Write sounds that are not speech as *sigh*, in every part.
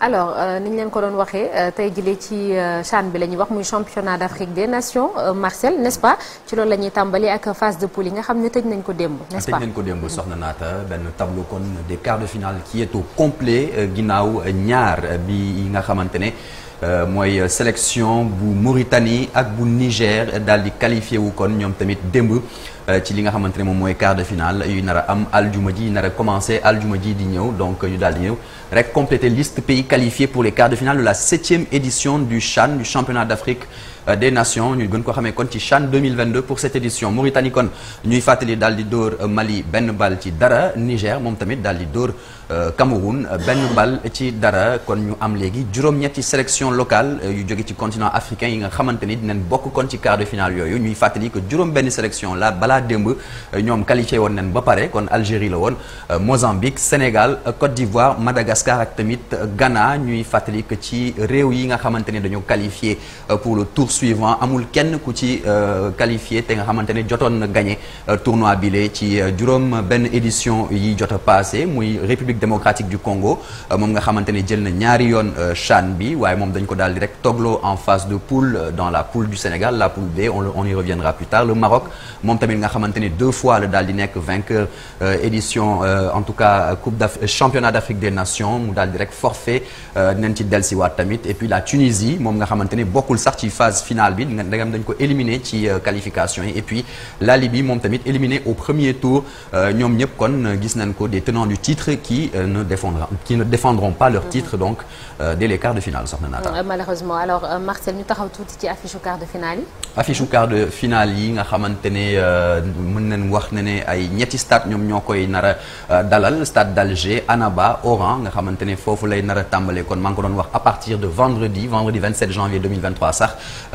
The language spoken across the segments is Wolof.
alors euh, ni ñu leen ko doon waxee euh, tey jëlee ci euh, CHAN bi la ñuy wax muy championnat d'Afrique des nations Marcel n'est-ce pas ci loolu lañuy tàmbali ak phase de poule yi nga xam ne tëj nañ ko démb n'est-ce ah, pas tëj nañ ko démb soxna naata benn tableau kon des quarts de finale qui est au complet ginnaaw ñaar bi yi nga xamante ne Euh, mooy euh, sélection bu Mauritanie ak bu Niger daal di qualifié wu kon ñoom tamit démb euh, ci li nga xamante ne moom mooy quart de finale yu nar a am aljuma ji nar a commencé aljuma ji di ñëw donc ñu daal di ñëw rek compléter liste pays qualifiés pour les quarts de finale de la septième édition du CHAN du championnat d'Afrique des nations ñu gën ko xamee kon ci CHAN 2022 pour cette édition Mauritanie kon ñuy fàttali daal di dóor Mali benn bal ci dara Niger moom tamit daal di dóor. Euh, Cameroun euh, benn bal ci dara kon ñu am léegi juróom-ñetti sélection locale euh, yu jóge ci continent africain yi nga xamante ni dinañ bokk kon ci quart de finale yooyu ñuy fàttali que juróom benn sélection la balaa démb ñoom qualifié woon nañ ba pare kon Algérie la woon Mozambique Sénégal Côte d'Ivoire Madagascar ak tamit Ghana ñuy fàttali que ci réew yi nga xamante ne dañoo qualifié pour le tour suivant amul kenn ku ci qualifié te nga xamante ne jotoon na gagné tournoi bi le ci juróom benn édition yi jot a muy république démocratique du Congo euh, moom nga xamante ni jël na ñaari yoon euh, CHAN bi waaye moom dañ ko daal di rek togloo en phase de poule euh, dans la poule du Sénégal la poule B on y reviendra plus tard le Maroc moom tamit nga xamante ni deux fois la daal di nekk vainqueur édition en tout cas coupe d'Afrique championnat d'Afrique des nations mu daal di rek forfait dinañ ci dellusiwaat tamit et puis la Tunisie moom nga xamante ni l sax ci phase finale bi ndegam dañ ko éliminer ci qualification yi et puis la Libye moom tamit éliminé au premier ko des tenants du qui euh, ne défendra qui ne défendront pas leur titre mhm. donc euh, dès les quarts de finale soxna Naata. Euh, malheureusement alors Marcel ñu taxaw tuuti ci affiche su quart de finale yi. affiche su quart de finale yi nga xamante ne mën nañ wax ne ne ay ñetti stade ñoom ñoo koy nar a dalal stade d'Alger Annaba Oran nga xamante ne foofu lay nar a tàmbalee kon maa ngi ko doon wax à partir de vendredi vendredi 27 janvier 2023 sax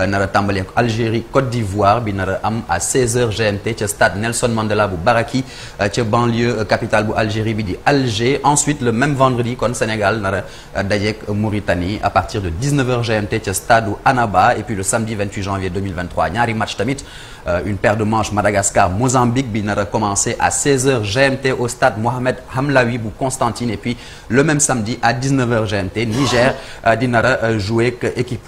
nar a tàmbalee Algérie Côte d'Ivoire bi nar a am à 16h GMT ca stade Nelson Mandela bu Baraki ca banlieue capitale bu Algérie bi di Alger. ensuite le même vendredi kon Sénégal nar a euh, dajeek Mauritanie à partir de 19h GMT ca stade Anaba et puis le samedi 28 janvier 2023 ñaari match tamit euh, une paire de manches Madagascar Mozambique bi nar a commencé à 16h GMT au stade Mohamed Hamlaoui bu Constantine et puis le même samedi à 19h GMT Niger euh, di nar a jouer ak équipe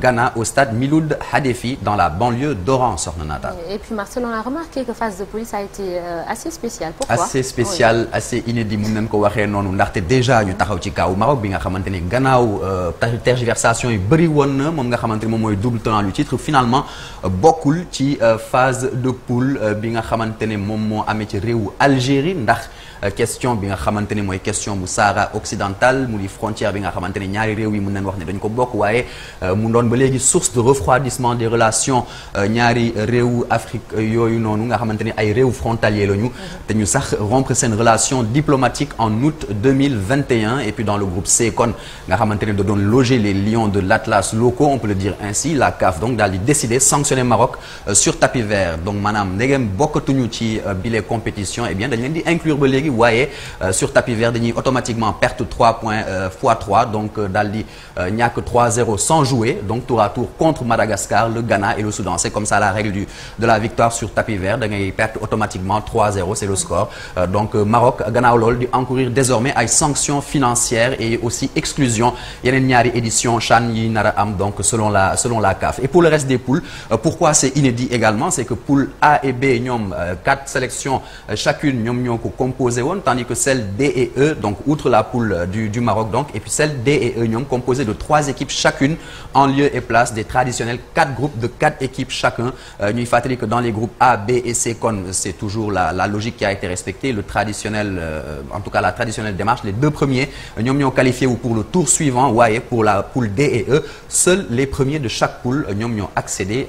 Ghana au stade Miloud Hadefi dans la banlieue d'Oran Soxna Naata. Et puis Marcel, on a remarqué que phase de police a été assez spéciale. Pourquoi? Assez spéciale, oui. assez inédit mun nañu ko waxee. noonu ndaxte déjà ñu taxaw ci kaw Maroc bi nga xamante ni gannaaw euh, tergiversation yi bëri woon na moom nga xamante ni moom mooy double tenant du titre finalement euh, bokkul ci euh, phase de poule bi nga xamante ne moom moo amee ci réewu Algérie ndax Euh, question bi nga xamante ni mooy question bu Sahara occidental mu di frontière bi nga xamante ni ñaari réew yi mën nañ wax ne dañ ko bokk waaye euh, mu doon ba léegi source de refroidissement des relations euh, ñaari réewu Afrique yooyu noonu nga xamante ni ay réew frontalier lañu te ñu sax rompre seen relation diplomatique en août e et puis dans le groupe CECON nga xamante ni da doon loger les lions de l'Atlas locaux on peut le dire ainsi la CAF donc daal di décider maanaam ndegem bokkatuñu ci bile compétition et eh bien dañ yi waaye euh, sur tapis vert dañuy automatiquement perte 3 points euh, fois 3 donc euh, daal di ñàkk 3-0 sans jouer tour à tour contre Madagascar le Ghana et le Soudan c'est comme ça la règle du de la victoire sur tapis vert da ngay perte automatiquement c'est le score Maroc gannaaw loolu di encourir désormais ay sanctions financières et aussi exclusion yeneen édition CHAN yi selon la CAF et pour le reste des poules pourquoi c'est inédit également c'est que poule A et B ñoom quatre sélections chacune ñoom composé woon tandis que celle D et E outre la poule euh, du du Maroc donc et puis celle D et E ñoom composé de trois équipes chacune en lieu et place des traditionnels quatre groupes de quatre équipes chacun euh, ñuy fàttali que dans groupes A B et C comme c'est toujours la logique qui a été respectée le traditionnel euh, en tout cas la traditionnelle démarche les deux premiers ñoom ñoo qualifié wu pour le tour suivant waaye pour la poule D E seuls les premiers de chaque poule ñoom ñoo accédé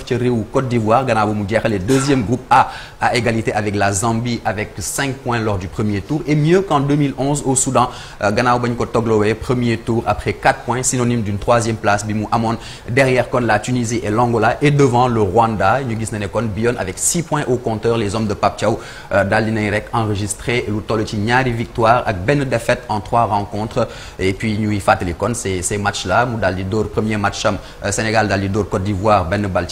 neuf ca réewu Côte d'Ivoire mu jeexalee deuxième groupe A à égalité avec la Zambie avec cinq points lors du premier tour et mieux qu'en 2011 au Soudan euh, gannaaw ba ñu ko toglowee premier tour après quatre points synonyme d'une troisième place bi mu amoon derrière kon la Tunisie et l'Angola et devant le Rwanda ñu gis na ne kon Bion avec six points au compteur les hommes de Pape Thiaw euh, daal di nañ rek victoire ak benn défaite en trois rencontres et puis ñuy fàttali kon ces ces matchs là mu daal di dóor premier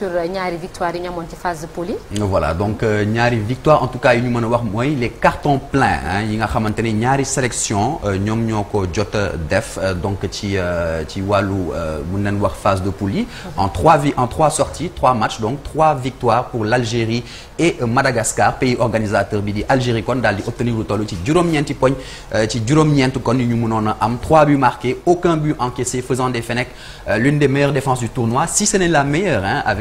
sur ñaari victoire yi ñu amoon ci phase de poule euh, ñaari victoire en tout cas yi ñu mën a wax mooy les cartons pleins yi nga xamante ne ñaari sélection euh, ñoom ñoo ko jot def euh, donc ci ci wàllu mun nañ wax phase de poule yi en trois vi en trois sorties trois matchs donc trois victoires pour l'Algérie et Madagascar pays organisateur bi di Algérie kon daal di obtenir lu toll ci juróom-ñeenti poñ ci juróom-ñeent kon yu ñu mënoon a am trois buts marqués aucun but encaissé faisant des Fennecs l'une des meilleures défenses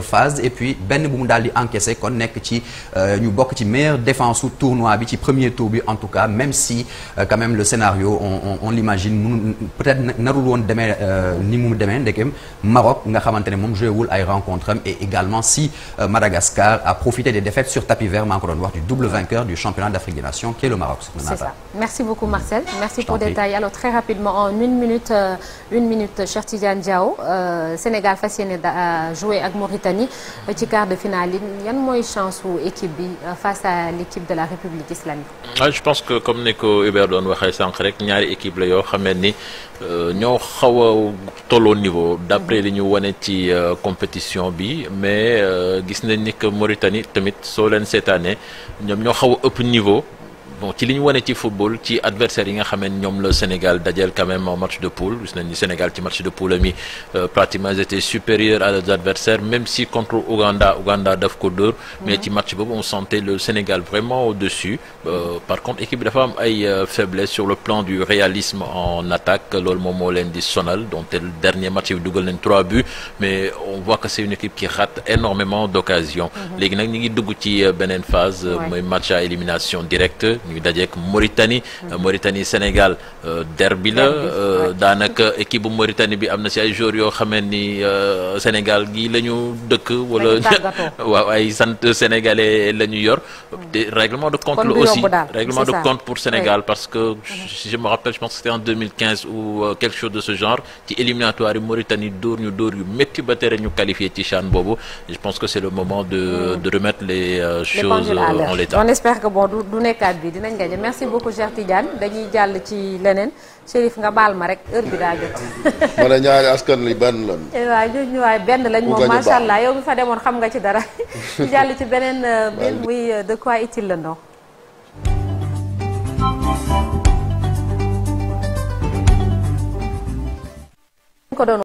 phase et puis benn bu mu daal di encaissé kon nekk ci euh, ñu bokk ci défense su tournoi bi ci premier tour bi en tout cas même si euh, quand même le scénario on l'imagine peut-être narul woon demee euh, ni mu demee ndekem Maroc nga xamante ne moom joué rencontre et également si Madagascar a profité des défaites sur tapis vert maa du double vainqueur du championnat d'Afrique des Nations qui est le Maroc. c'est ça merci beaucoup Marcel. merci en une minute une minute Mauritanie ci quart de finale yi yan mooy chance wu équipe bi euh, face à l'équipe de la République islamique. Ah, je pense que comme ni ko Hubert doon waxee sànq rek ñaari équipe la yoo xamee ni euh, ñoo xaw a tolloo niveau d'après li ñu wane ci euh, compétition bi mais gis nañ ni que Mauritanie tamit soo leen seetaanee ñoom ñoo xaw a ëpp niveau. bon ci li ñu wane ci football ci adversaire yi nga xam ne ñoom la Sénégal dajeel quand même en match de poule gis nañ ni Sénégal ci match de poule mi euh, pratiquement ils étaient supérieurs à leurs adversaires même si contre Ouganda Ouganda daf ko dóor mais ci match boobu on sentait le Sénégal vraiment au-dessus euh, par contre équipe bi dafa am ay euh, faiblesse sur le plan du réalisme en attaque loolu moom moo leen di sonal donc le dernier match bi dugal nañ trois buts mais on voit que c'est une équipe qui rate mm-hmm. nag ñu ngi dugg ci beneen phase mooy match à directe ñuy dajeek Mauritanie mm-hmm. Mauritanie Sénégal euh, derbi la euh, daanaka équipe bu Mauritanie bi am na si ay joueurs yoo xamee ni euh, Sénégal gi la ñu dëkk wala *laughs* waaw ay sant sénégalais la ñu yor te mm. règlement de compte la aussi règlement de compte pour Sénégal parce que je me rappelle je pense que c'était en 2015 ou quelque chose de ce genre ci éliminatoire yi Mauritanie dóor ñu door yu métti ba tere ñu qualifié ci CHAN boobu je pense que c'est le moment de mm. de remettre les choses dinañ gañe merci beaucoup Cheikh Tidiane dañuy jàll ci leneen Chérif nga baal ma rek heure bi daa jot. *laughs* ma ñaari askan li benn lan. *laughs* Eh waaw ñun ñu waay benn lañ moom macha allah yow mi fa demoon xam nga ci dara. *laughs* ñu jàll ci beneen euh, mbir muy euh, de quoi est-il le nom. ko doon